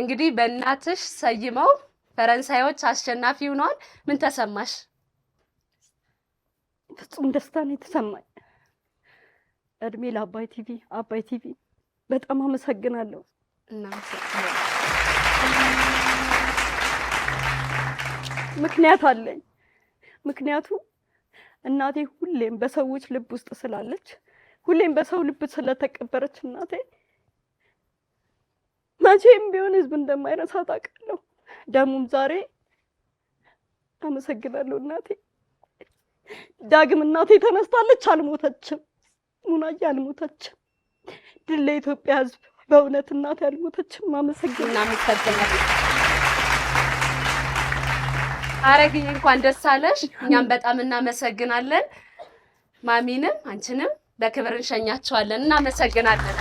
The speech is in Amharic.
እንግዲህ በእናትሽ ሰይመው ፈረንሳዮች አሸናፊ ሆኗል ምን ተሰማሽ? ፍጹም ደስታ ነው የተሰማኝ። እድሜ ለአባይ ቲቪ። አባይ ቲቪ በጣም አመሰግናለሁ። ምክንያት አለኝ። ምክንያቱ እናቴ ሁሌም በሰዎች ልብ ውስጥ ስላለች፣ ሁሌም በሰው ልብ ስለተቀበረች እናቴ መቼም ቢሆን ህዝብ እንደማይረሳት አውቃለሁ። ደሙም ዛሬ አመሰግናለሁ እናቴ። ዳግም እናቴ ተነስታለች፣ አልሞተችም። ሙናዬ አልሞተችም። ድል ለኢትዮጵያ ሕዝብ። በእውነት እናቴ አልሞተችም። አመሰግና አረግኝ እንኳን ደስ አለሽ። እኛም በጣም እናመሰግናለን። ማሚንም አንቺንም በክብር እንሸኛቸዋለን። እናመሰግናለን።